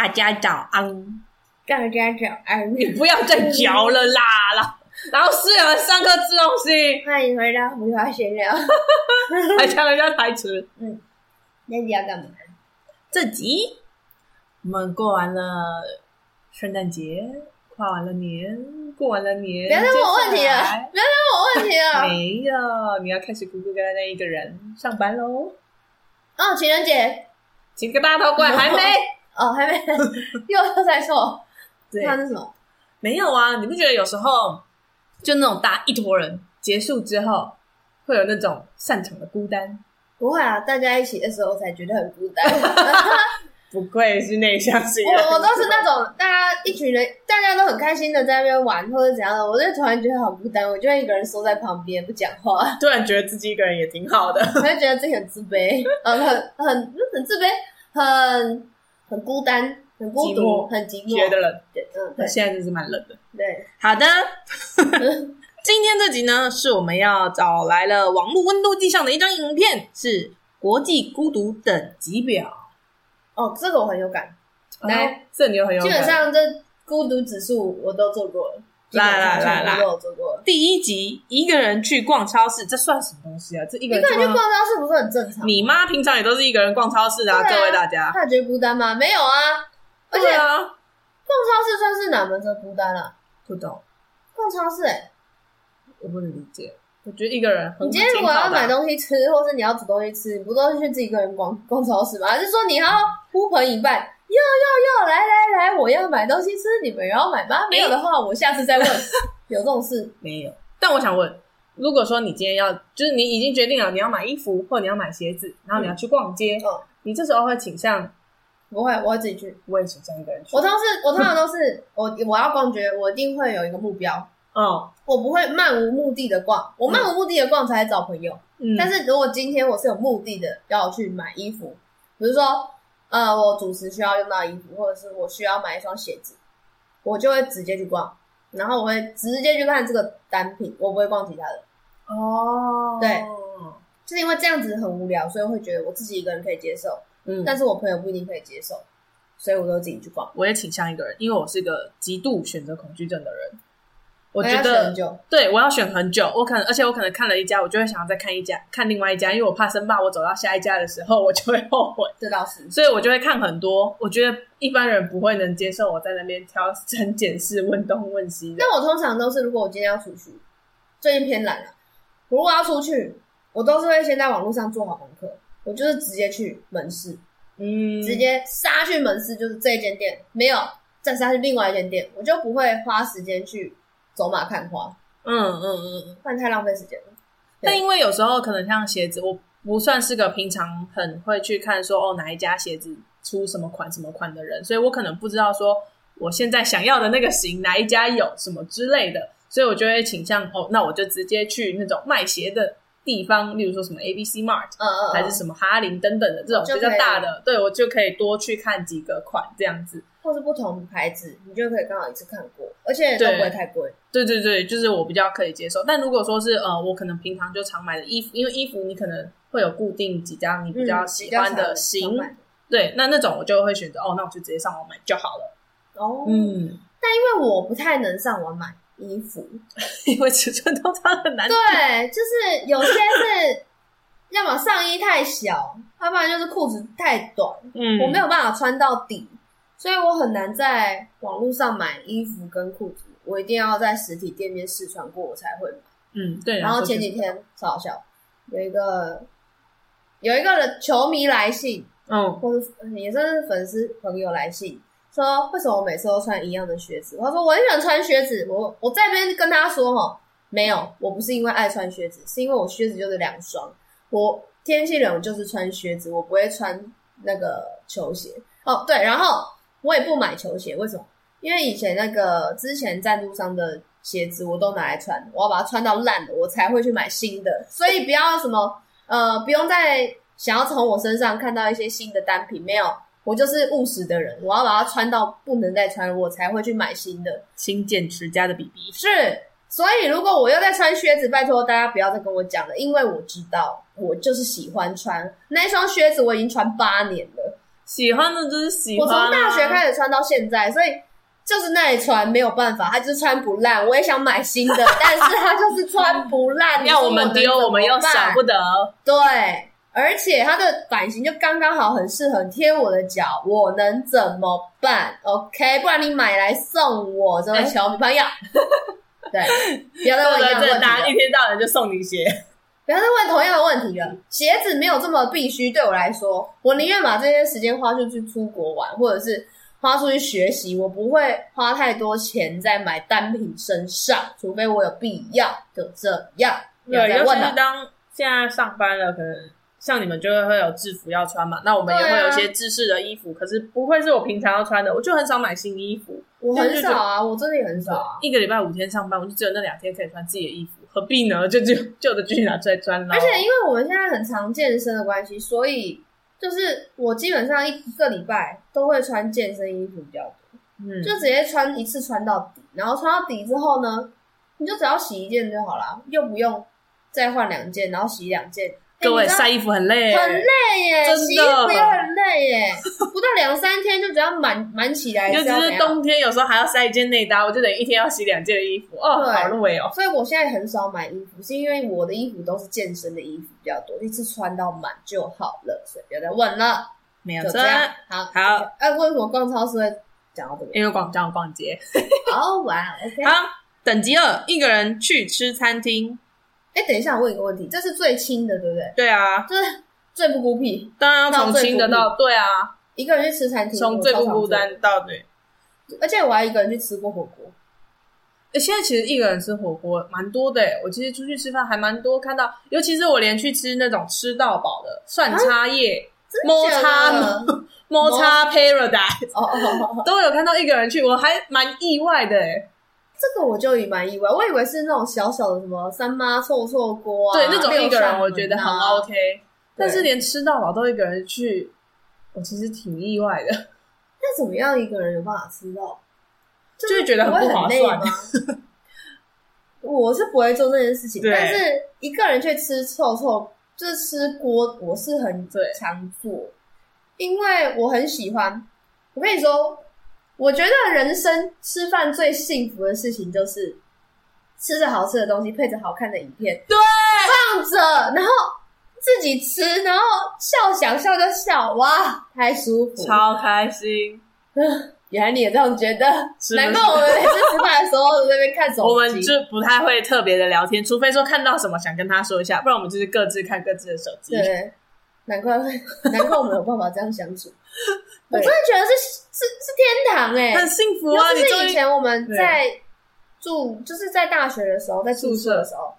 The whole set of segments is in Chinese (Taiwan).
大家早安，大家早安。 你不要再嚼了啦！然後室友上課吃東西。歡迎回到《魔法學院》，還搶人家台詞。 嗯，那你要幹嘛？這集我們過完了聖誕節，跨完了年，過完了年。不要再問我問題了，不要再問我問題啊！問題了沒有，你要開始孤孤獨獨的那一個人上班嘍。哦，情人節，請個大頭怪還沒。 哦，還沒又又在說， 對，看那是什麼？沒有啊，你不覺得有時候就那種大一坨人結束之後，會有那種散場的孤單？不會啊，大家一起的時候我才覺得很孤單。 不愧是內向型，我我都是那種大家一群人，大家都很開心的在那邊玩或者怎樣的，我就突然覺得好孤單，我就一個人縮在旁邊不講話。 突然覺得自己一個人也挺好的，我就覺得自己很自卑， 嗯、很很很自卑，很。很孤單，很孤獨很寂寞，覺得冷。嗯，現在就是蠻冷的。對，好的。 今天這集呢，是我們要找來了網絡溫度計上的一張影片，是國際孤獨等級表。哦，這個我很有感。來、哦，這你很有感。基本上，這孤獨指數我都做過了。來來來來，第一集，一個人去逛超市，這算什麼東西啊？這一個人去逛超市，逛超市不是很正常，啊？你媽平常也都是一個人逛超市的，啊啊，各位大家。他覺得孤單嗎？沒有啊。而且對啊。逛超市算是哪門子孤單啊？不懂。逛超市，欸，我不能理解。我覺得一個人很，你今天如果要買東西吃，或是你要煮東西吃，你不都是去自己一個人逛逛超市嗎？還是說你還要呼朋引伴要要要來來來！我要買東西吃，你們也要買吧。沒有的話，我下次再問。 有這種事沒有？但我想問，如果說你今天要，就是你已經決定了你要買衣服或者你要買鞋子，然後你要去逛街，嗯哦，你這時候會傾向？不會，我會自己去，不會只一個人去。我都是，我通常都是， 我我要逛街，我一定會有一個目標，嗯，我不會漫無目的的逛，我漫無目的的逛才來找朋友。嗯，但是如果今天我是有目的的要去買衣服，比如說。呃，我主持需要用到衣服，或者是我需要買一雙鞋子，我就會直接去逛，然後我會直接去看這個單品，我不會逛其他的。哦，oh，對，就是因為這樣子很無聊，所以我會覺得我自己一個人可以接受，嗯，但是我朋友不一定可以接受，所以我都自己去逛。我也傾向一個人，因為我是一個極度選擇恐懼症的人。我覺得，對，我要選很久，我可能，而且我可能看了一家，我就會想要再看一家，看另外一家，因為我怕生怕我走到下一家的時候，我就會後悔，這倒是，所以我就會看很多。我覺得一般人不會能接受我在那邊挑三揀四、問東問西。那我通常都是，如果我今天要出去，最近偏懶了，我如果要出去，我都是會先在網絡上做好功課，我就是直接去門市，嗯，直接殺去門市，就是這一間店沒有，再殺去另外一間店，我就不會花時間去。走馬看花，嗯嗯嗯嗯，不、嗯、然太浪費時間了。但因為有時候可能像鞋子，我不算是個平常很會去看說哦，哪一家鞋子出什麼款什麼款的人，所以我可能不知道說我現在想要的那個型哪一家有什麼之類的，所以我就會傾向哦，那我就直接去那種賣鞋的地方，例如說什麼 ABC Mart，哦哦哦，還是什麼哈林等等的這種比較大的，哦、對，我就可以多去看幾個款這樣子。或是不同牌子，你就可以剛好一次看過，而且都不會太貴。對對對，就是我比較可以接受。但如果說是呃，我可能平常就常買的衣服，因為衣服你可能會有固定幾家你比較喜歡的新、嗯，對，那那種我就會選擇、嗯、哦，那我就直接上網買就好了。哦，嗯，但因為我不太能上網買衣服， 因為尺寸都差很多。對，就是有些是要麼上衣太小， 要不然就是褲子太短，嗯，我沒有辦法穿到底。所以我很難在網絡上買衣服跟褲子，我一定要在實體店面試穿過我才會買。嗯，對、啊。然後前幾天超好笑，有一個有一個球迷來信，嗯、哦，或者也是粉絲朋友來信，說為什麼我每次都穿一樣的靴子？他說我很喜歡穿靴子，我我在邊跟他說哈、哦，沒有，我不是因為愛穿靴子，是因為我靴子就是兩雙，我天氣冷就是穿靴子，我不會穿那個球鞋。哦，對，然後。我也不買球鞋，為什麼？因為以前那個之前贊助商的鞋子，我都拿來穿，我要把它穿到爛的，我才會去買新的。所以不要什麼呃，不用再想要從我身上看到一些新的單品，沒有，我就是務實的人，我要把它穿到不能再穿，我才會去買新的。勤儉持家的 BB 是，所以如果我又在穿靴子，拜託大家不要再跟我講了，因為我知道我就是喜歡穿那一雙靴子，我已經穿八年了。喜歡的就是喜歡啊。我從大學開始穿到現在，所以就是耐穿，沒有辦法，它就是穿不爛。我也想買新的， 但是它就是穿不爛。 要我們丟，我們又舍不得。對，而且它的版型就剛剛好，很適合貼我的腳，我能怎麼辦？OK，不然你買來送我，真的求你朋友。 對，不要再問第二個問題。 大一天到晚就送你鞋。還是問同樣的問題了。鞋子沒有這麼必須，對我來說，我寧願把這些時間花出去出國玩，或者是花出去學習。我不會花太多錢在買單品身上，除非我有必要。就這樣問。對，尤問是當現在上班了，可能像你們就會會有制服要穿嘛。那我們也會有一些制式的衣服，可是不會是我平常要穿的。我就很少買新衣服，我很少啊，就就我真的也很少啊。一個禮拜五天上班，我就只有那兩天可以穿自己的衣服。何必呢？就就就舊的拿出來穿了。而且因為我們現在很常健身的關係，所以就是我基本上一一個禮拜都會穿健身衣服比較多。嗯，就直接穿一次穿到底，然後穿到底之後呢，你就只要洗一件就好啦，又不用再換兩件，然後洗兩件。各位曬衣服很累，很累耶、欸，洗衣服也很累耶、欸，不到兩三天就只要滿滿 起來。尤其是冬天，有時候還要曬一件內搭，我就等一天要洗兩件衣服。哦，好累哦、喔。所以我現在很少買衣服，是因為我的衣服都是健身的衣服比較多，一次穿到滿就好了，所以比較穩了。沒有錯，好好。哎、okay，為什麼逛超市會講到這個？因為講講逛街。好玩。好，等級二，一個人去吃餐廳。等一下，我問一個問題，這是最輕的，對不對？對啊，就是最不孤僻。當然要從，要從輕的到對啊，一個人去吃餐廳，從最不孤單到對。而且我還一個人去吃過火鍋。哎、欸，現在其實一個人吃火鍋蠻多的。我其實出去吃飯還蠻多，看到，尤其是我連去吃那種吃到飽的、啊、涮乃葉、Mo-Mo 呢、Mo-Mo Paradise，都有看到一個人去，我還蠻意外的。這個我就也蠻意外，我以為是那種小小的什麼三媽臭臭鍋啊，對那種一個人我覺得很 OK，、啊、但是連吃到飽都一個人去，我其實挺意外的。那怎麼樣一個人有辦法吃到？就是覺得很不划算累嗎？我是不會做這件事情，但是一個人去吃臭臭就是吃鍋，我是很常做，因為我很喜歡。我跟你說。我覺得人生吃飯最幸福的事情就是吃着好吃的東西，配着好看的影片，對，放着，然後自己吃，然後笑，想笑就笑，哇，太舒服，超開心。嗯，原來你也這樣覺得？是是，難怪我們每次吃飯的時候 在那邊看手機，我們就不太會特別的聊天，除非說看到什麼想跟他說一下，不然我們就是各自看各自的手機。對。難怪會，難怪我們有辦法這樣相處。 我真的覺得是是是，是天堂哎、欸，很幸福啊！就是以前我們在住，在住，就是在大學的時候，在宿舍的時候。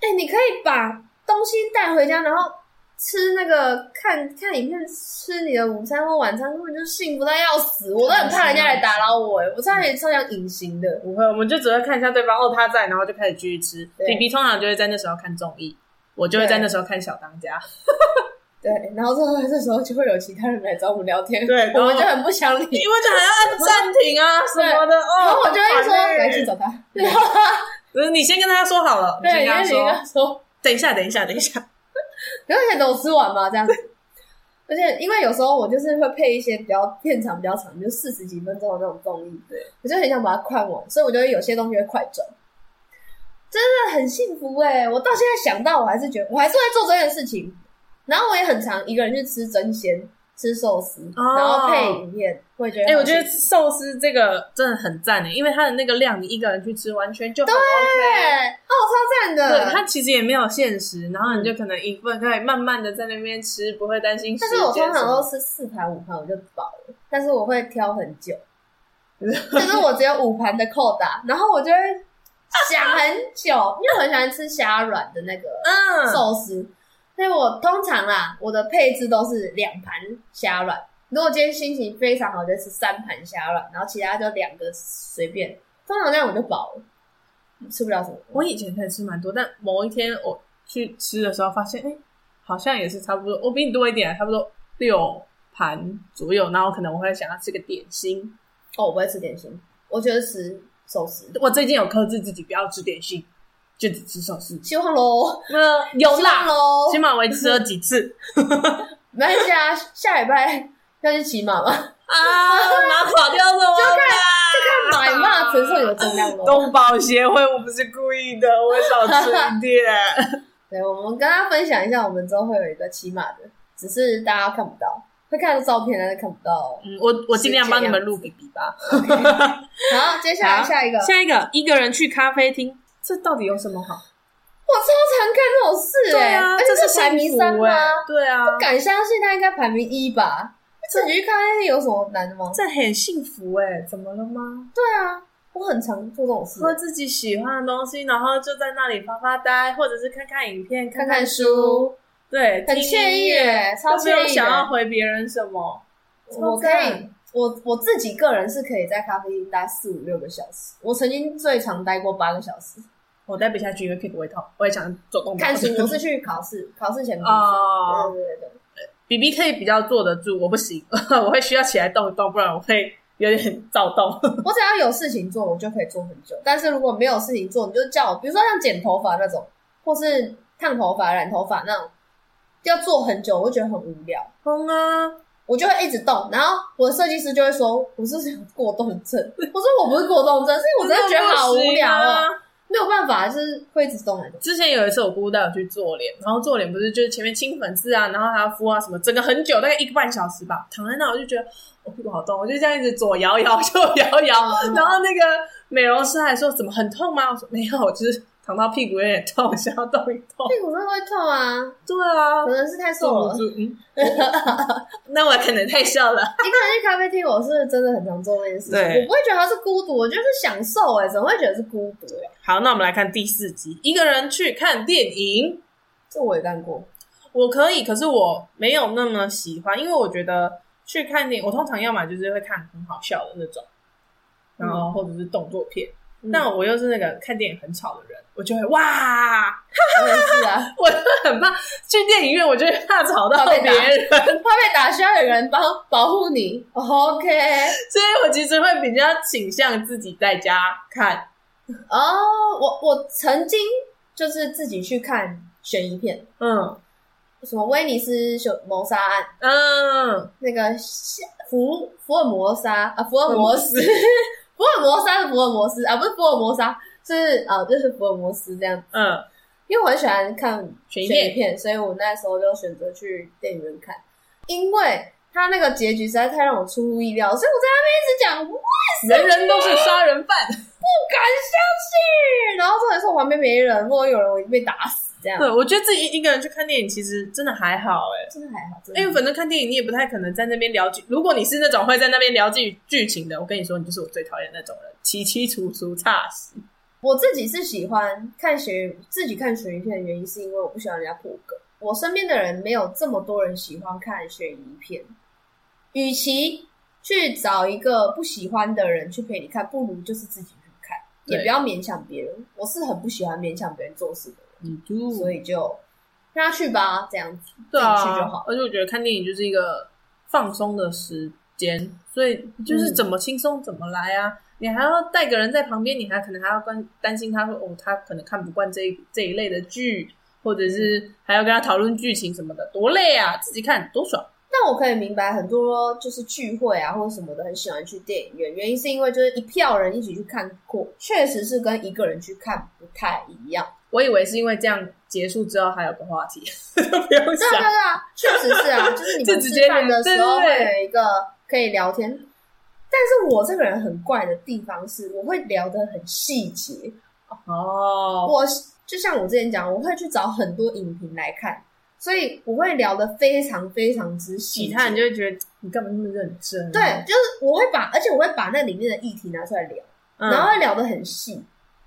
哎、欸，你可以把東西帶回家，然後吃那個看看影片，吃你的午餐或晚餐，根本就幸福到要死。我都很怕人家來打擾我、欸，哎， 我差點差點隱形的。不會，我們就只會看一下對方哦，他在，然後就開始繼續吃。皮皮通常就會在那時候看綜藝，我就會在那時候看小當家。對，然後在這時候就會有其他人來找我們聊天，對，然後我們就很不想理，因為就還要按暫停啊什麼、什麼的、哦，然後我就會說：“趕緊、欸、找他。對然後”對，不 是你先跟他說好了，對，你先跟、他說對你跟他說：“等一下，等一下，等一下。”不要先等我吃完嘛，這樣子。而且，因為有時候我就是會配一些比較片長比較長，就四十幾分鐘的那種綜藝，對，我就很想把它快完，所以我就會有些東西會快轉，真的很幸福哎、欸！我到現在想到，我還是覺得我還是會做這件事情。然後我也很常一個人去吃爭鮮，吃壽司，哦，然後配麵會覺得哎、欸，我覺得壽司這個真的很讚呢，因為它的那個量，你一個人去吃完全就、OK、對哦，超讚的。對，它其實也沒有限時，然後你就可能一份可以慢慢的在那邊吃，不會擔心。但是我通常都是四盤五盤我就飽了，但是我會挑很久，但 是我只有五盤的扣打，然後我就會想很久，啊、因為我很喜歡吃蝦軟的那個嗯壽司。嗯所以我通常啊，我的配置都是兩盤蝦卵。如果今天心情非常好，就吃三盤蝦卵，然後其他就兩個隨便。通常這樣我就飽了，吃不了什麼。我以前可以吃蠻多，但某一天我去吃的時候發現，哎、嗯，好像也是差不多。我比你多一點，差不多六盤左右。然後可能我會想要吃個點心。哦，我不會吃點心，我就得吃壽司。我最近有克制自己不要吃點心。就只吃壽司，希望嘍、呃，有啦，起碼我吃了幾次，沒關係啊，下禮拜要去騎馬嗎？啊，馬跑掉了嗎？這個馬承受有重量嘍。動、啊、保協會，我不是故意的，我會少吃一點。 對，我們跟大家分享一下，我們之後會有一個騎馬的，只是大家看不到，會看到照片，但是看不到。嗯，我我盡量幫你們錄比比吧、 okay。好，接下來下一個，下一個一個人去咖啡廳。這到底有什麼好？我超常看這種事哎，而且是排名三哎。對啊，不、欸欸啊、敢相信他應該排名一吧？啊、這你看那有什麼難的嗎？這很幸福哎。欸，怎麼了嗎？對啊，我很常做這種事，欸，喝自己喜歡的東西，然後就在那裡發發呆，或者是看看影片，看看書，看看書，對，很愜意哎，超愜意哎，都沒有想要回別人什麼，我看我我自己個人是可以在咖啡廳待四五六個小時，我曾經最長待過八個小時。我待不下去，因為屁股會痛，我也想走動。看書我是去考試， 考試前讀書。Oh, 對對對對，B B 可以比較坐得住，我不行， 我會需要起來動一動，不然我會有點躁動。 我只要有事情做，我就可以做很久。但是如果沒有事情做，你就叫我，比如說像剪頭髮那種，或是燙頭髮、染頭髮那種，要做很久，我會覺得很無聊。空啊。我就會一直動，然後我的設計師就會說我是想過動症。我說我不是過動症， 是因為我真的覺得好無聊啊。喔，沒有辦法，就是會一直動。之前有一次我姑姑帶我去做臉，然後做臉不是就是前面清粉刺啊，然後還要敷啊什麼，整個很久，大概一個半小時吧，躺在那我就覺得我屁股好痛，我就這樣一直左搖搖右搖搖，搖搖 然後那個美容師還說怎麼很痛嗎？我說沒有，就是。躺到屁股有點痛，想要動一動。屁股會不會痛啊？對啊，可能是太瘦了。做我做嗯、 那我可能也太瘦了。 一個人去咖啡廳，我是，是真的很常做那件事情。我不會覺得他是孤獨，我就是享受。哎，怎麼會覺得是孤獨？好，那我們來看第四集，一個人去看電影，嗯、這我也幹過，我可以，可是我沒有那麼喜歡，因為我覺得去看電影，我通常要麼就是會看很好笑的那種，然後或者是動作片，嗯、但我又是那個看電影很吵的人。我就會哇，哈哈嗯啊、我就很怕去電影院，我就會怕吵到別人，怕被打，被打需要有人幫保護你。OK，所以我其實會比較傾向自己在家看。哦、oh,，我我曾經就是自己去看懸疑片，嗯，什麼威尼斯謀謀殺案，嗯，那個福福爾摩沙啊，福爾摩斯，福爾摩斯 摩斯福爾摩沙是福爾摩斯啊，不是福爾摩沙。是啊、哦，就是福爾摩斯這樣。嗯，因為我很喜歡看懸疑片，片，所以我那時候就選擇去電影院看，因為他那個結局實在太讓我出乎意料，所以我在那邊一直講，人人都是殺人犯，不敢相信。 然後重點是我旁邊沒人，如果有人，我就被打死。這樣，對，我覺得自己一個人去看電影，其實真的還好、欸，哎，真的還好。因為、欸、反正看電影，你也不太可能在那邊聊劇，如果你是那種會在那邊聊劇情的，我跟你說，你就是我最討厭那種人，淒淒楚楚差死。我自己是喜歡看懸，自己看懸疑片的原因是因為我不喜歡人家破梗。我身邊的人沒有這麼多人喜歡看懸疑片，與其去找一個不喜歡的人去陪你看，不如就是自己去看，也不要勉強別人。我是很不喜歡勉強別人做事的人，所以就讓他去吧。這樣子，對、啊、去就好。而且我覺得看電影就是一個放鬆的時間，所以就是怎麼輕鬆怎麼來啊。嗯你還要帶個人在旁邊，你還可能還要關擔心他說哦，他可能看不慣這一這一類的劇，或者是還要跟他討論劇情什麼的，多累啊！自己看多爽。但我可以明白，很多就是聚會啊或者什麼的，很喜歡去電影院，原因是因為就是一票人一起去看過，確實是跟一個人去看不太一樣。我以為是因為這樣結束之後還有個話題，呵呵不要想。對對對、啊，確實是啊 就，就是你們吃飯的時候會有一個可以聊天。對對對但是我這個人很怪的地方是，我會聊得很細節哦。Oh. 我就像我之前講，我會去找很多影評來看，所以我會聊得非常非常之細。其他人就會覺得你幹嘛那麼認真、啊？對，就是我會把，而且我會把那裡面的議題拿出來聊，嗯、然後會聊得很細，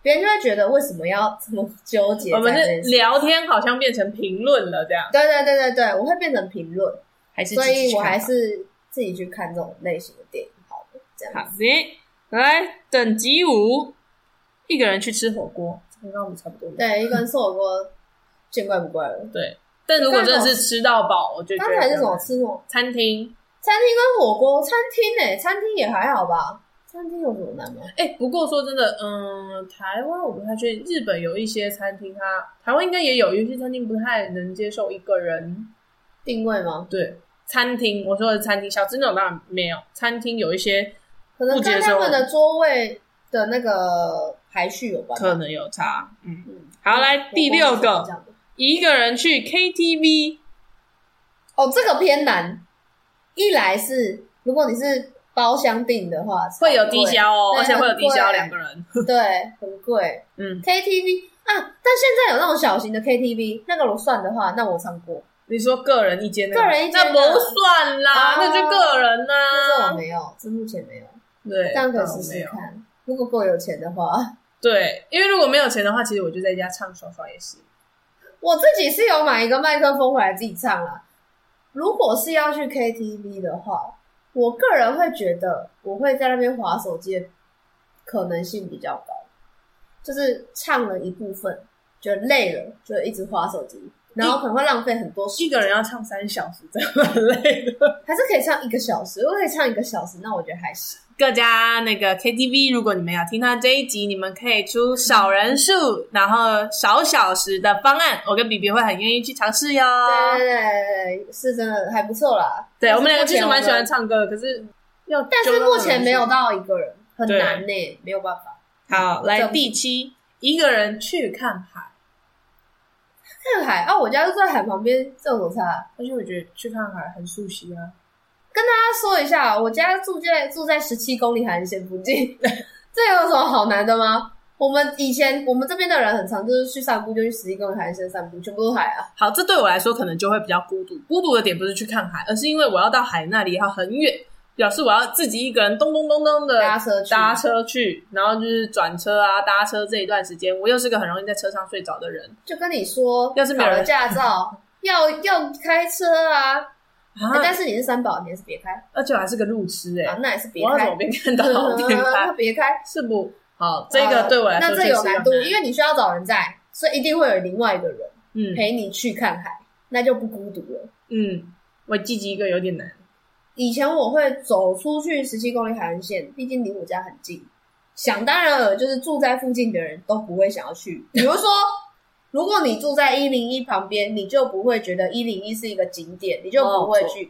別人就會覺得為什麼要這麼糾結？我們聊天，好像變成評論了，這樣？對對對對對，我會變成評論，還是？所以我還是自己去看這種類型的電影。好，來等級五，一個人去吃火鍋，剛剛我們差不多對一個人吃火鍋見怪不怪了。 對，但如果真的是吃到飽，我就覺得剛才是什麼吃什麼餐廳？餐廳跟火鍋，餐廳誒、欸，餐廳也還好吧。餐廳有什麼難嗎、啊？哎、欸，不過說真的，嗯，台灣我不太確定，日本有一些餐廳，它台灣應該也有，有些餐廳不太能接受一個人定位嗎？對，餐廳我說的餐廳，小吃那種當然沒有，餐廳有一些。可能跟他們的桌位的那個排序有關，可能有差。嗯，嗯好，嗯、來第六，第六個，一個人去 KTV。哦，這個偏難。一來是，如果你是包廂訂的話，會有低消，而且會有低消、哦嗯、兩個人，對，很貴。嗯，KTV 啊，但現在有那種小型的 KTV，那個我算的話，那我唱過。你說個人一間，個人一間，那不算啦、啊，那就個人啦、啊。這我沒有，這目前沒有。對，這樣可以試試看、嗯。如果夠有錢的話，對，因為如果沒有錢的話，其實我就在家唱爽爽也行。我自己是有買一個麥克風回來自己唱啊。如果是要去 KTV 的話，我個人會覺得我會在那邊滑手機的可能性比較高。就是唱了一部分，就累了，就一直滑手機，然後可能會浪費很多時間。一個人要唱三小時，真的很累。 還是可以唱一個小時，如果可以唱一個小時，那我覺得還行。各家那個 KTV，如果你們要聽他這一集，你們可以出少人數，嗯、然後少小時的方案，我跟 BB 會很願意去嘗試喲。對對對，對，是真的還不錯啦。對我們兩個其實蠻喜歡唱歌的，可是有但是目前沒有到一個人很難呢，沒有辦法。好，來第七一個人去看海，看海啊！我家就在海旁邊，這種菜，但是我覺得去看海很熟悉啊。跟大家說一下，我家住在住在十七公里海岸線附近，這有什麼好難的嗎？我們以前我們這邊的人很常就是去散步，就去十七公里海岸線散步，全部都海啊。好，這對我來說可能就會比較孤獨。孤獨的點不是去看海，而是因為我要到海那裡要很遠，表示我要自己一個人咚咚咚咚的搭車去，搭車去，然後就是轉車啊，搭車這一段時間，我又是個很容易在車上睡着的人。就跟你說，要是買了駕照， 要要開車啊。啊欸、但是你是三寶，你還是別開，而且還是個路癡哎。啊，那也是別開。沒我邊走邊看導航，邊別開是不好、啊。這個對我來說那、啊、這是有難度、嗯，因為你需要找人在，所以一定會有另外一個人陪你去看海，嗯、那就不孤獨了。嗯，我自己一個有點難。以前我會走出去十七公里海岸線，畢竟離我家很近。想當然了，就是住在附近的人都不會想要去。比如說。 如果你住在一零一旁邊，你就不會覺得一零一是一個景點，你就不會去。哦、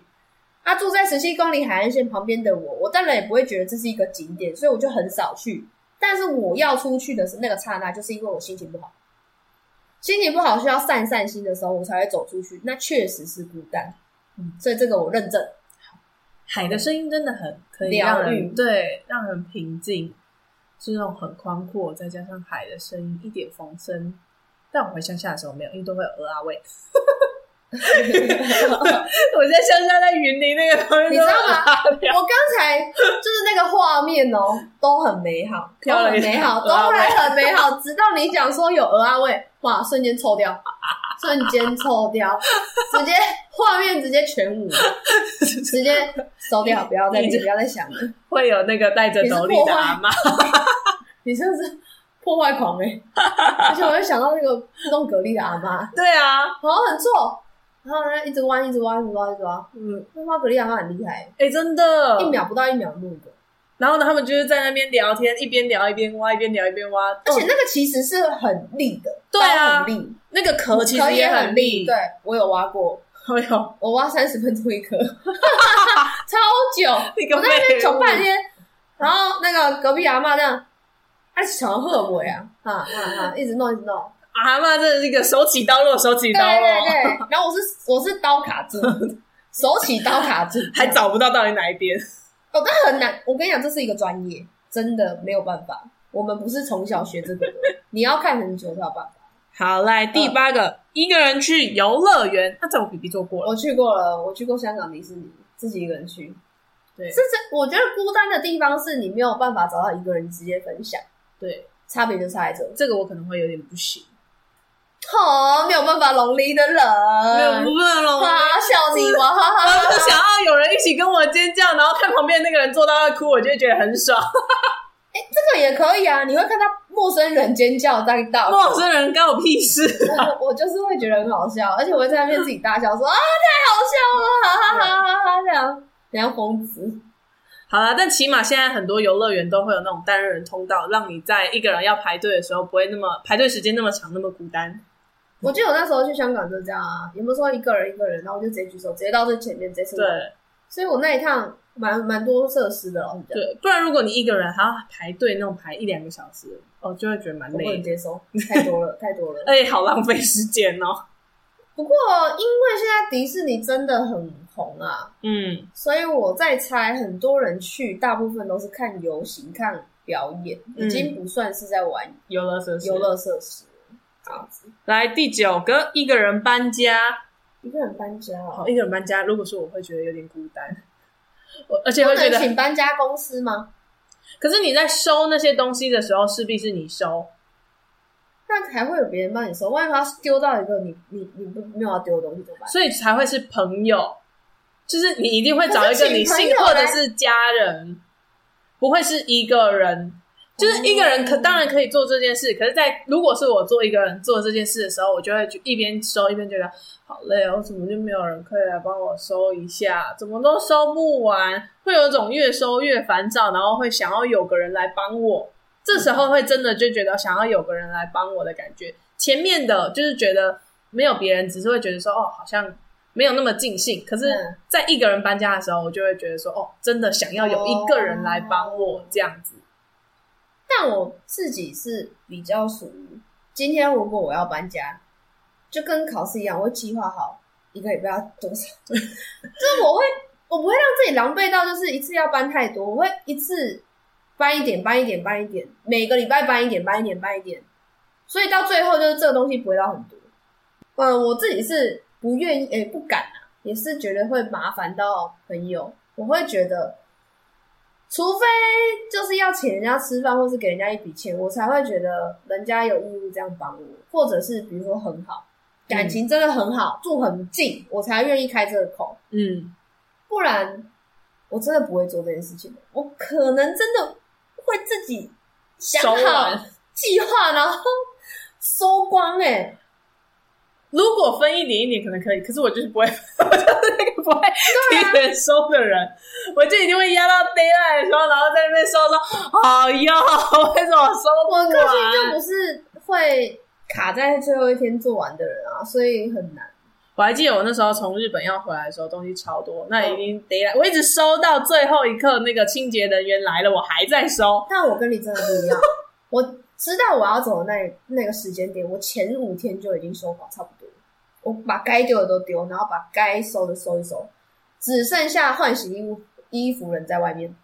啊，住在十七公里海岸線旁邊的我，我當然也不會覺得這是一個景點，所以我就很少去。但是我要出去的是那個剎那，就是因為我心情不好，心情不好需要散散心的時候，我才會走出去。那確實是孤單，嗯，所以這個我認證。海的聲音真的很可以讓人對，讓人平靜，是那種很寬闊，再加上海的聲音，一點風聲。但我回鄉下的時候沒有，因為都會有鵝鴨味。 我現在鄉下，在雲林那個，你知道嗎？我剛才就是那個畫面哦、喔，都很美好，都很美好，都不然很美好，直到你講說有鵝鴨味，哇，瞬間抽掉，瞬間抽掉， 直接畫面直接全無， 直接收掉，不要再，不要再想了。會有那個戴着斗笠的阿嬤你，是 你是不是？破壞狂哎、欸， 而且我又想到那個自動蛤蜊的阿媽，對啊，好像很重，然後呢，一直挖一直挖一直挖一直挖，嗯，挖蛤蜊阿媽很厲害、欸，哎、欸，真的，一秒不到一秒錄的，然後呢他們就是在那邊聊天，一邊聊一邊挖，一邊聊一邊挖、嗯，而且那個其實是很利的，對啊，很利，那個殼其實也很利，也很利對我有挖過，哎呦，我挖三十分鐘一顆， 超久個，我在那邊窮半天，然後那個隔壁阿媽那樣。他喜歡喝我呀，啊啊啊！一直弄一直弄啊！媽，這是一個手起刀落， 手起刀落。對對對。然後我是我是刀卡住， 手起刀卡住，還找不到到底哪一邊。哦，但很難。我跟你講，這是一個專業，真的沒有辦法。我們不是從小學這個， 你要看很久才有辦法。好，來，第八個、呃，一個人去遊樂園。他在我 B B 坐過了，我去過了，我去過香港迪士尼，自己一個人去。對，是這。我覺得孤單的地方是你沒有辦法找到一個人直接分享。對，差別就差在這，這個我可能會有點不行，好、哦，沒有辦法，龍鱗的人，沒有辦法，龍鱗，笑你嗎？好哈好哈哈哈，我就想要有人一起跟我尖叫，然後看旁邊那個人坐到那哭，我就會覺得很爽。哎、欸，這個也可以啊，你會看到陌生人尖叫，但到陌生人干我屁事、啊我，我就是會覺得很好笑，而且我會在那邊自己大笑說、嗯、啊，太好笑了，嗯、哈哈哈，哈這樣！哈、嗯、哈，梁梁瘋子。好啦，但起碼現在很多遊樂園都會有那種單人通道，讓你在一個人要排隊的時候不會那麼排隊時間那麼長，那麼孤單。我記得我那時候去香港就這樣啊，也不是說一個人一個人，然後我就直接舉手，直接到最前面，直接對。所以我那一趟蠻蠻多設施的哦，對，不然如果你一個人還要排隊那種排一兩個小時，哦，就會覺得蠻累，不能接受，太多了，太多了，哎、 欸，好浪費時間哦。不過，因為現在迪士尼真的很紅啊，嗯，所以我在猜，很多人去，大部分都是看遊行、看表演，嗯，已經不算是在玩遊樂設施。遊樂設施。好，這樣子，來第九個，一個人搬家。一個人搬家哦，好，一個人搬家。如果說我會覺得有點孤單， 而且會覺得，請搬家公司嗎？可是你在收那些東西的時候，勢必是你收。但才會有別人幫你收。萬一他丟到一個你你你不沒有要丟的東西怎麼辦？所以才會是朋友，就是你一定會找一個你信任的是家人是，不會是一個人。就是一個人可、嗯、當然可以做這件事，可是在，在如果是我做一個人做這件事的時候，我就會就一邊收一邊覺得好累哦，怎麼就沒有人可以來幫我收一下？怎麼都收不完，會有一種越收越煩躁，然後會想要有個人來幫我。這時候會真的就覺得想要有個人來幫我的感覺，前面的就是覺得沒有別人，只是會覺得說哦，好像沒有那麼盡興。可是，在一個人搬家的時候，我就會覺得說哦，真的想要有一個人來幫我這樣子、嗯。嗯、但我自己是比較屬於，今天如果我要搬家，就跟考試一樣，我會計劃好一個也不要多少， 就是我會我不會讓自己狼狽到就是一次要搬太多，我會一次。搬一點，搬一點，搬一點，每個禮拜搬一點，搬一點，搬一點，所以到最後就是這個東西不會到很多。嗯，我自己是不願意，誒、欸，不敢啊，也是覺得會麻煩到朋友。我會覺得，除非就是要請人家吃飯，或是給人家一筆錢，我才會覺得人家有義務這樣幫我，或者是比如說很好，感情真的很好，住很近，我才願意開這個口。嗯，不然我真的不會做這件事情。我可能真的。會自己想好計劃，然後收光哎、欸。如果分一點一點，可能可以。可是我就是不會，我就是那個不會提前收的人、啊。我就一定會壓到 deadline 的時候，然後在那邊收說，說：“好呀，為什麼收不完？”我個性就不是會卡在最後一天做完的人啊，所以很難。我還記得我那時候從日本要回來的時候，東西超多，哦、那已經得來，我一直收到最後一刻，那個清潔人員來了，我還在收。那我跟你真的不一樣， 我知道我要走的那那個時間點，我前五天就已經收好差不多，我把該丟的都丟，然後把該收的收一收，只剩下換洗衣服衣服人在外面、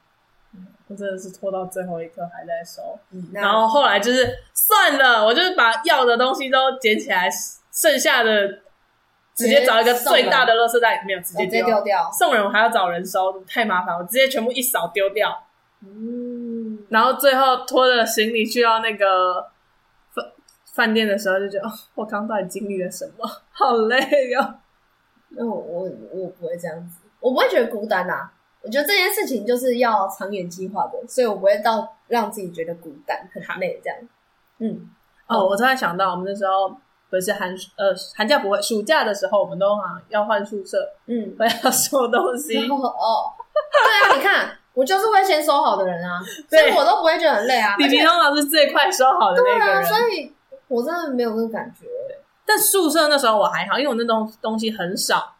嗯。我真的是拖到最後一刻還在收、嗯，然後後來就是算了，我就是把要的東西都撿起來，剩下的。直接找一個最大的垃圾袋，沒有直接丟掉。送人我還要找人收，太麻煩。我直接全部一掃丟掉。嗯，然後最後拖着行李去到那個飯店的時候，就覺得、哦、我剛到底經歷了什麼，好累喲、哦、那、嗯、我我我，我不會這樣子，我不會覺得孤單啊。我覺得這件事情就是要長遠計劃的，所以我不會到讓自己覺得孤單很哈累這樣。嗯，哦，哦我突然想到，我們那時候。可是寒，呃，寒假不會，暑假的時候我們都好像要換宿舍，嗯，要收東西哦。哦，對啊， 你看，我就是會先收好的人啊，所以我都不會覺得很累啊。你平常是最快收好的那個人。對啊，所以我真的沒有那個感覺。但宿舍那時候我還好，因為我那東東西很少。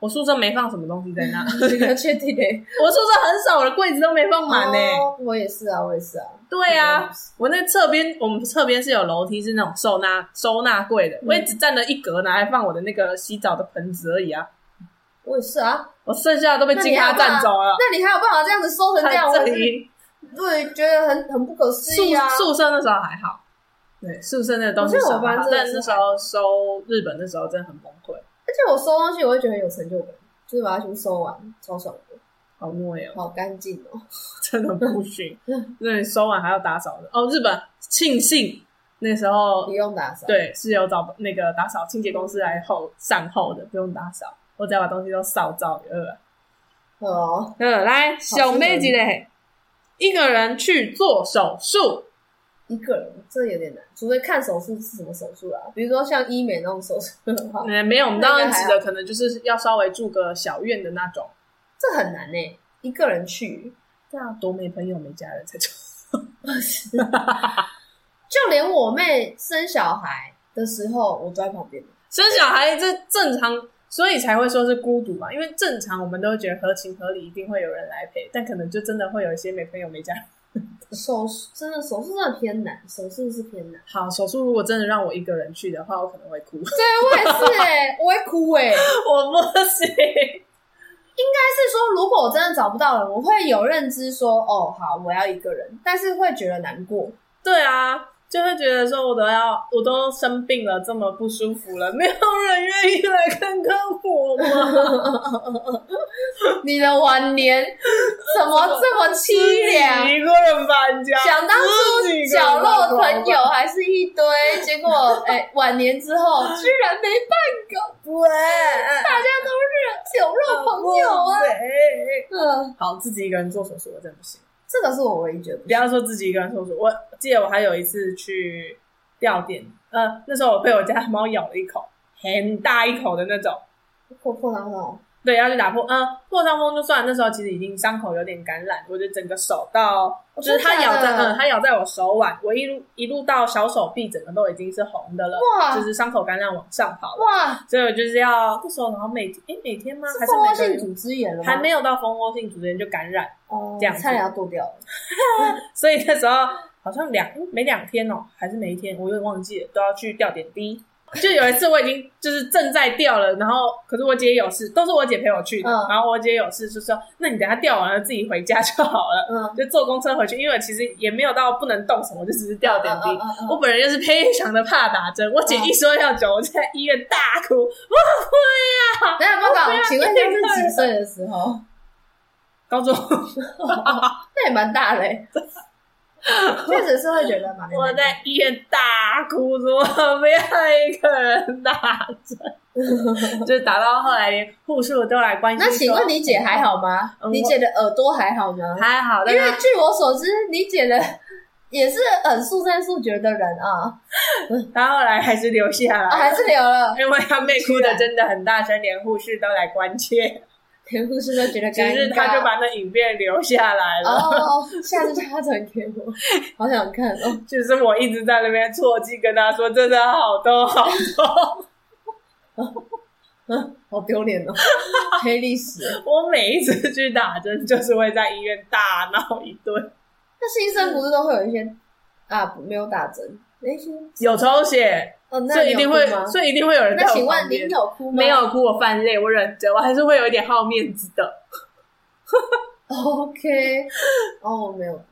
我宿舍沒放什麼東西在那，你要確定？ 我宿舍很少，我的櫃子都沒放滿呢、哦。我也是啊，我也是啊。對啊，嗯、我那側邊，我們側邊是有樓梯，是那種收納收納櫃的。我也只佔了一格，拿來放我的那個洗澡的盆子而已啊。我也是啊，我剩下的都被金花佔走了。那你還有辦法這樣子收成這樣？這我真對，覺得很很不可思議啊。宿！宿舍那時候還好，對，宿舍那個東西我好，但那時候收日本的時候真的很崩潰。而且我收東西，我會覺得很有成就感，就是把它全部收完，超爽的，好摸耶、喔，好乾淨哦， 真的不行。那你收完還要打掃的哦。Oh, 日本慶幸那時候不用打掃，對，是有找那個打掃清潔公司來後善後的，不用打掃，我只要把東西都掃走就了。哦，嗯，來小妹子嘞，一個人去做手術。一個人這有點難，除非看手術是什麼手術啊？比如說像醫美那種手術的話、欸，沒有，我們當然值得可能就是要稍微住個小院的那種。這很難呢、欸，一個人去。對啊，多沒朋友沒家人才錯。 就連我妹生小孩的時候，我都在旁邊。生小孩這正常，所以才會說是孤獨嘛，因為正常我們都覺得合情合理，一定會有人來陪，但可能就真的會有一些沒朋友沒家人。手術真的手術真的偏難，手術是偏難。好，手術如果真的讓我一個人去的話，我可能會哭。對，我也是、欸，哎， 我會哭、欸，哎，我不行。應該是說，如果我真的找不到人，我會有認知說，哦，好，我要一個人，但是會覺得難過。對啊。就會覺得說，我都要，我都生病了，這麼不舒服了，沒有人願意來看看我嗎？ 你的晚年怎麼這麼凄涼？一個人搬家，想當初酒肉朋友還是一堆，結果哎， 晚年之後居然沒半個。對 大家都是酒肉朋友啊。 好，自己一個人做手術，我真不行。這個是我唯一覺得不，不要說自己一個人受罪。我記得我還有一次去吊點，呃，那時候我被我家貓咬了一口，很大一口的那種，破破爛爛。對，要去打破。嗯，破傷風就算，那時候其實已經傷口有點感染。我覺得整個手到，就是它咬在嗯，它咬在我手腕，我一路一路到小手臂，整個都已經是紅的了，哇，就是傷口感染往上跑。哇！所以我就是要這時候，然後每哎每天嗎？還是每天？是蜂窩性組織炎了嗎？還沒有到蜂窩性組織炎就感染，哦、這樣子。差點要剁掉了，嗯、 所以那時候好像兩沒兩天哦，還是每一天，我有點忘記了，都要去吊點滴。 就有一次，我已經就是正在吊了，然後可是我姐有事，都是我姐陪我去的。嗯、然後我姐有事就說：“那你等下吊完了自己回家就好了。嗯”就坐公車回去，因為其實也沒有到不能動什麼，就只是吊點滴、啊啊啊啊。我本人就是非常的怕打針、啊，我姐一說要走，我就在醫院大哭，我、嗯、會呀等下報告，請問你是幾歲的時候？高中，那、哦 哦哦、也蠻大嘞。 確實是會覺得吧，我在醫院大哭說，說不要一個人打針，就打到後來，連護士都來關切。 那請問你姐還好嗎？嗯、你姐的耳朵還好嗎？還好的，因為據我所知，你姐的也是很速戰速決的人啊。她後來還是留下了、哦，還是留了，因為她妹哭得真的很大聲，連護士都來關切。全部是沒有覺得尷尬，是他就把那影片留下來了。哦哦，哦，下次他傳給我，好想看哦。其、就、實、是、我一直在那邊啜泣，跟他說真的好多好多。 啊、好丟臉哦，好丟臉哦，黑歷史。我每一次去打針，就是會在醫院大鬧一頓。那新生不是都會有一些、嗯、啊，沒有打針那些有抽血。哦、那所以一定會嗎，所以一定會有人那請問您有哭嗎？沒有哭我累，我犯淚，我忍着，我還是會有一點好面子的。 OK，哦、oh,，沒有、哦，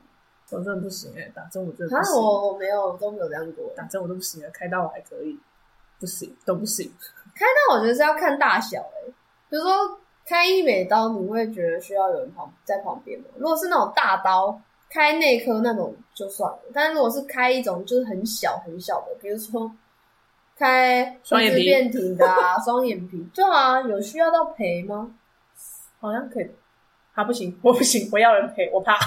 真的不行哎，打針我真的不行。啊，我沒有都沒有這樣過，打針我都不行了，開刀我還可以，不行都不行。開刀我覺得是要看大小哎，比如說開醫美刀，你會覺得需要有人旁在旁邊嗎？如果是那種大刀，開內科那種就算了，但是如果是開一種就是很小很小的，比如說。開雙眼皮的啊，雙眼皮，對啊，有需要到陪嗎？好像可以，他、啊、不行，我不行，我要人陪，我怕。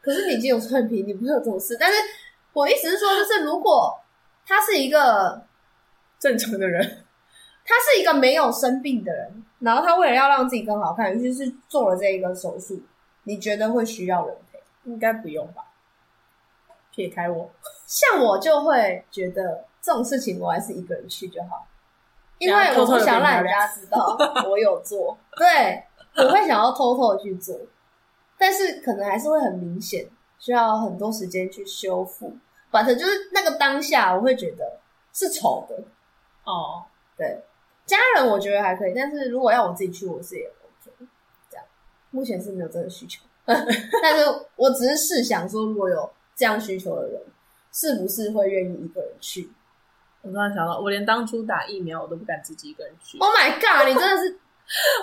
可是你已經有雙眼皮，你不是有這種事。但是，我意思是說，就是如果他是一個正常的人，他是一個沒有生病的人，然後他為了要讓自己更好看，尤其是做了這一個手術，你覺得會需要人陪？應該不用吧？撇開我，像我就會覺得。這種事情我還是一個人去就好，因為我不想讓人家知道我有做。對，我會想要偷偷的去做，但是可能還是會很明顯，需要很多時間去修復。反正就是那個當下，我會覺得是醜的。哦，對，家人我覺得還可以，但是如果要我自己去，我是也不做。這樣，目前是沒有這個需求，但是我只是試想說，如果有這樣需求的人，是不是會願意一個人去？我突然想到，我連當初打疫苗我都不敢自己一個人去。Oh my god！ 你真的是，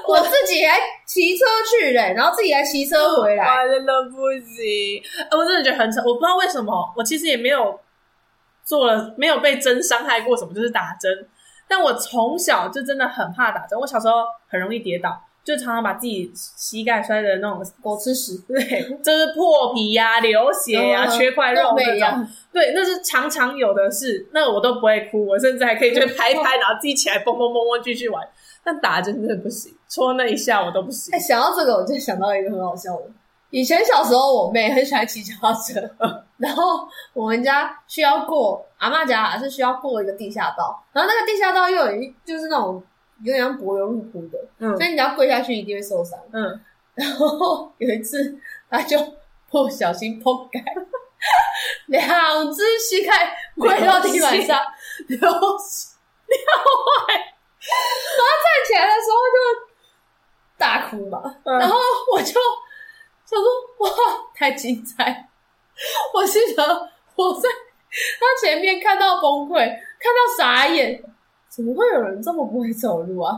我自己還騎車去嘞、欸， 然後自己還騎車回來，oh my god, 我真的不行。我真的覺得很慘，我不知道為什麼。我其實也沒有做了，沒有被針傷害過什麼，就是打針。但我從小就真的很怕打針，我小時候很容易跌倒。就常常把自己膝蓋摔的那種狗吃屎，對，就是破皮呀、啊、流血呀、啊、缺塊肉這種，那種樣，對，那是常常有的事。那我都不會哭，我甚至還可以就拍拍，然後自己起來蹦蹦蹦蹦繼續玩。但打的真的是不行，戳那一下我都不行。欸、想到這個，我就想到一個很好笑的。以前小時候，我妹很喜歡騎腳踏車，然後我們家需要過阿媽家還是，需要過一個地下道，然後那個地下道又有一就是那種。有點像柏油路虎的、嗯，所以你要跪下去一定會受傷。嗯，然後有一次他就不小心碰蓋了，兩隻膝蓋跪到地板上，流血流壞。然後站起來的時候就大哭嘛，嗯、然後我就想說哇，太精彩！我記得我在他前面看到崩潰，看到傻眼。怎麼會有人這麼不會走路啊？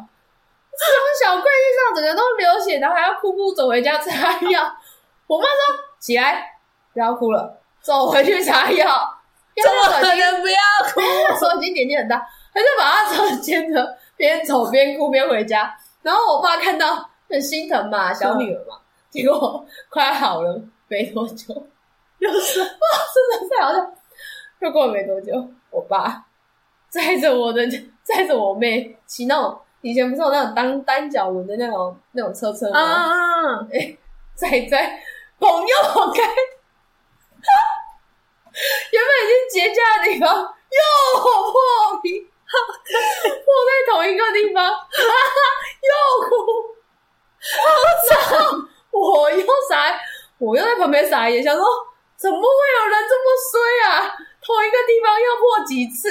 這種小跪地上，整個都流血，然後還要哭哭走回家擦藥。 我媽說：“起來，不要哭了，走回去擦藥。這”怎麼可能不要哭？說已經年紀很大，還就把他牽着，邊走邊哭邊回家。然後我爸看到很心疼嘛，小女兒嘛，結果快好了沒多久，又、就是哇，真的是好像又過了沒多久，我爸載着我的。 載着我妹騎那種以前不是有那種單單腳輪的那種那種車車嗎？哎、啊啊啊啊啊，再再碰又破開， 原本已經結痂的地方又破皮，破 在同一個地方， 又哭我操！ 我又傻我又在旁邊傻眼，想說怎麼會有人這麼衰啊？同一個地方要破幾次？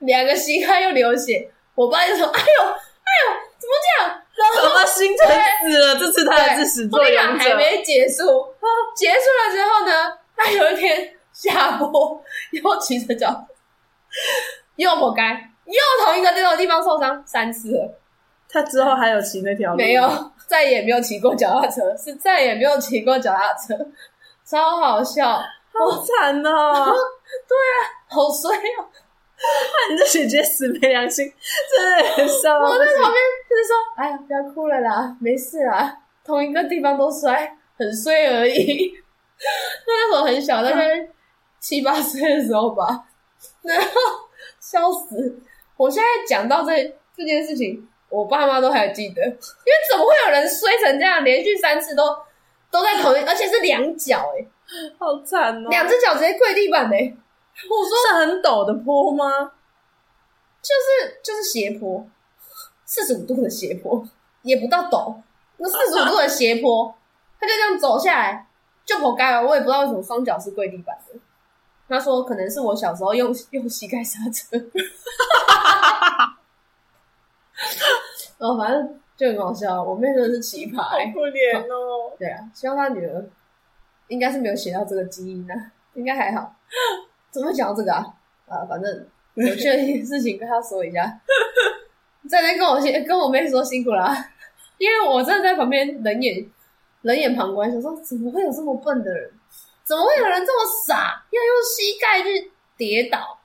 兩個膝蓋又流血，我爸就說：“哎喲哎喲，怎麼這樣？”然後他心疼死了。這次他還是始作俑者，還沒結束。結束了之後呢？他有一天下坡又騎着腳，又活該，又同一個這種地方受傷三次了。他之後還有騎那條路沒有，再也沒有騎過腳踏車，是再也沒有騎過腳踏車，超好笑，好慘吶，哦哦！對啊，好衰哦 啊、你這姐姐死沒良心，真的很笑！我在旁邊就是說，哎 呀，不要哭了啦，沒事啦，同一個地方都摔，很衰而已。 那個時候很小，大概七八歲的時候吧，然後笑死！我現在講到這這件事情，我爸媽都還記得，因為怎麼會有人摔成這樣？連續三次都都在同一，而且是兩腳、欸，哎、 喔，好慘哦！兩只腳直接跪地板嘞、欸。我說、就是、是很陡的坡嗎？就是就是斜坡，四十五度的斜坡，也不到陡。那四十五度的斜坡， 他就這樣走下來，就活該了。我也不知道為什麼雙腳是跪地板的。他說可能是我小時候用用膝蓋剎車。然 後、 哦、反正就很好笑，我妹，妹真的是奇葩、欸，可憐哦好。對啊，希望她女兒應該是沒有學到這個基因啊，應該還好。怎麼講這個啊？啊，反正有趣的事情跟他說一下。再 來跟我、欸、跟我妹說辛苦了、啊，因為我真的在旁邊冷眼冷眼旁觀，想說怎麼會有這麼笨的人？怎麼會有人這麼傻要用膝蓋去跌倒？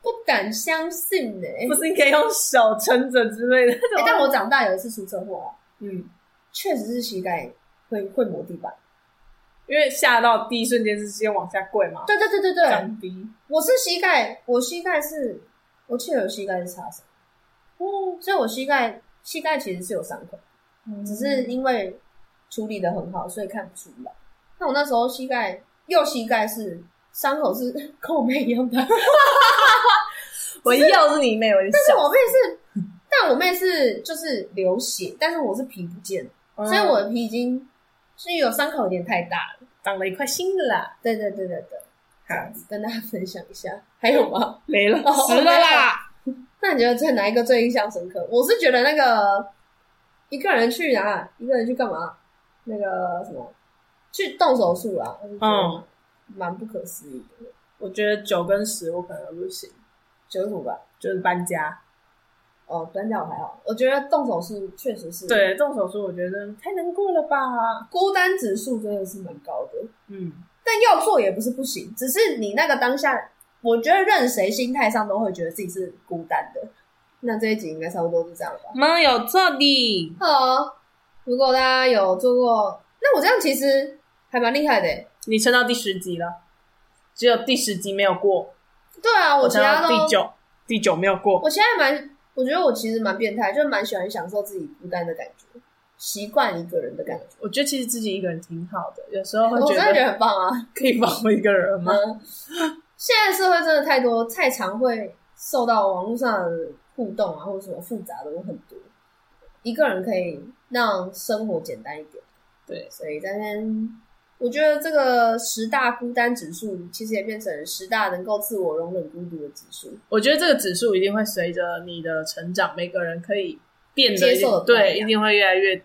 不敢相信呢、欸。不是應該用手撐着之類的、欸？但我長大有一次出車禍、啊，嗯，確實是膝蓋會會磨地板。因為嚇到第一瞬間是直接往下跪嘛，對對對對對，我是膝蓋，我膝蓋是，我確實我膝蓋是擦傷、哦，所以我膝蓋膝蓋其實是有傷口、嗯，只是因為處理得很好，所以看不出來。那我那時候膝蓋右膝蓋是傷口是跟我妹一樣的， 我又是你妹，我，一我但是，我妹是， 但我妹是就是流血，但是我是皮不見，嗯、所以我的皮已經。是有傷口，有點太大了，長了一塊新的啦。對對對對對，好，跟大家分享一下。還有嗎？沒 了，十、oh, 的啦。 那你覺得這哪一個最印象深刻？我是覺得那個一個人去哪，一個人去幹、啊、嘛？那個什麼，去動手術啦、啊。嗯，蠻不可思議的。我覺得九跟十我可能不行，九十五吧，就是搬家。哦，端掉還好，我覺得動手術確實是。對，動手術我覺得太難過了吧，孤單指數真的是蠻高的。嗯，但要做也不是不行，只是你那個當下，我覺得任誰心態上都會覺得自己是孤單的。那這一集應該差不多是這樣吧？媽有這裡，這的！啊，如果大家有做過，那我這樣其實還蠻厲害的。你撐到第十級了，只有第十級沒有過。對啊，我其他都。第九，第九沒有過。我現在蠻。我覺得我其實蠻變態，就蠻喜歡享受自己孤單的感覺，習慣一個人的感覺、嗯。我覺得其實自己一個人挺好的，有時候我真的覺得很棒啊！可以保護一個人嗎？現在社會真的太多，太常會受到網絡上的互動啊，或者什麼複雜的我很多。一個人可以讓生活簡單一點，對，所以但是。我覺得這個十大孤單指數，其實也變成十大能夠自我容忍孤獨的指數。我覺得這個指數一定會隨着你的成長，每個人可以變得，對，一定會越來越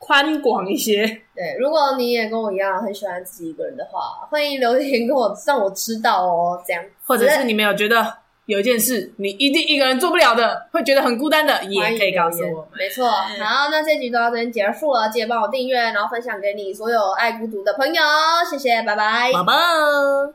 寬廣一些。對，如果你也跟我一樣很喜歡自己一個人的話，歡迎留言給我，讓我知道哦，這樣。或者是你沒有覺得有一件事，你一定一個人做不了的，會覺得很孤單的，也可以告訴我們。沒錯，好，那這集就到這邊結束了，記得幫我訂閱，然後分享給你所有愛孤獨的朋友，謝謝，拜拜，拜拜。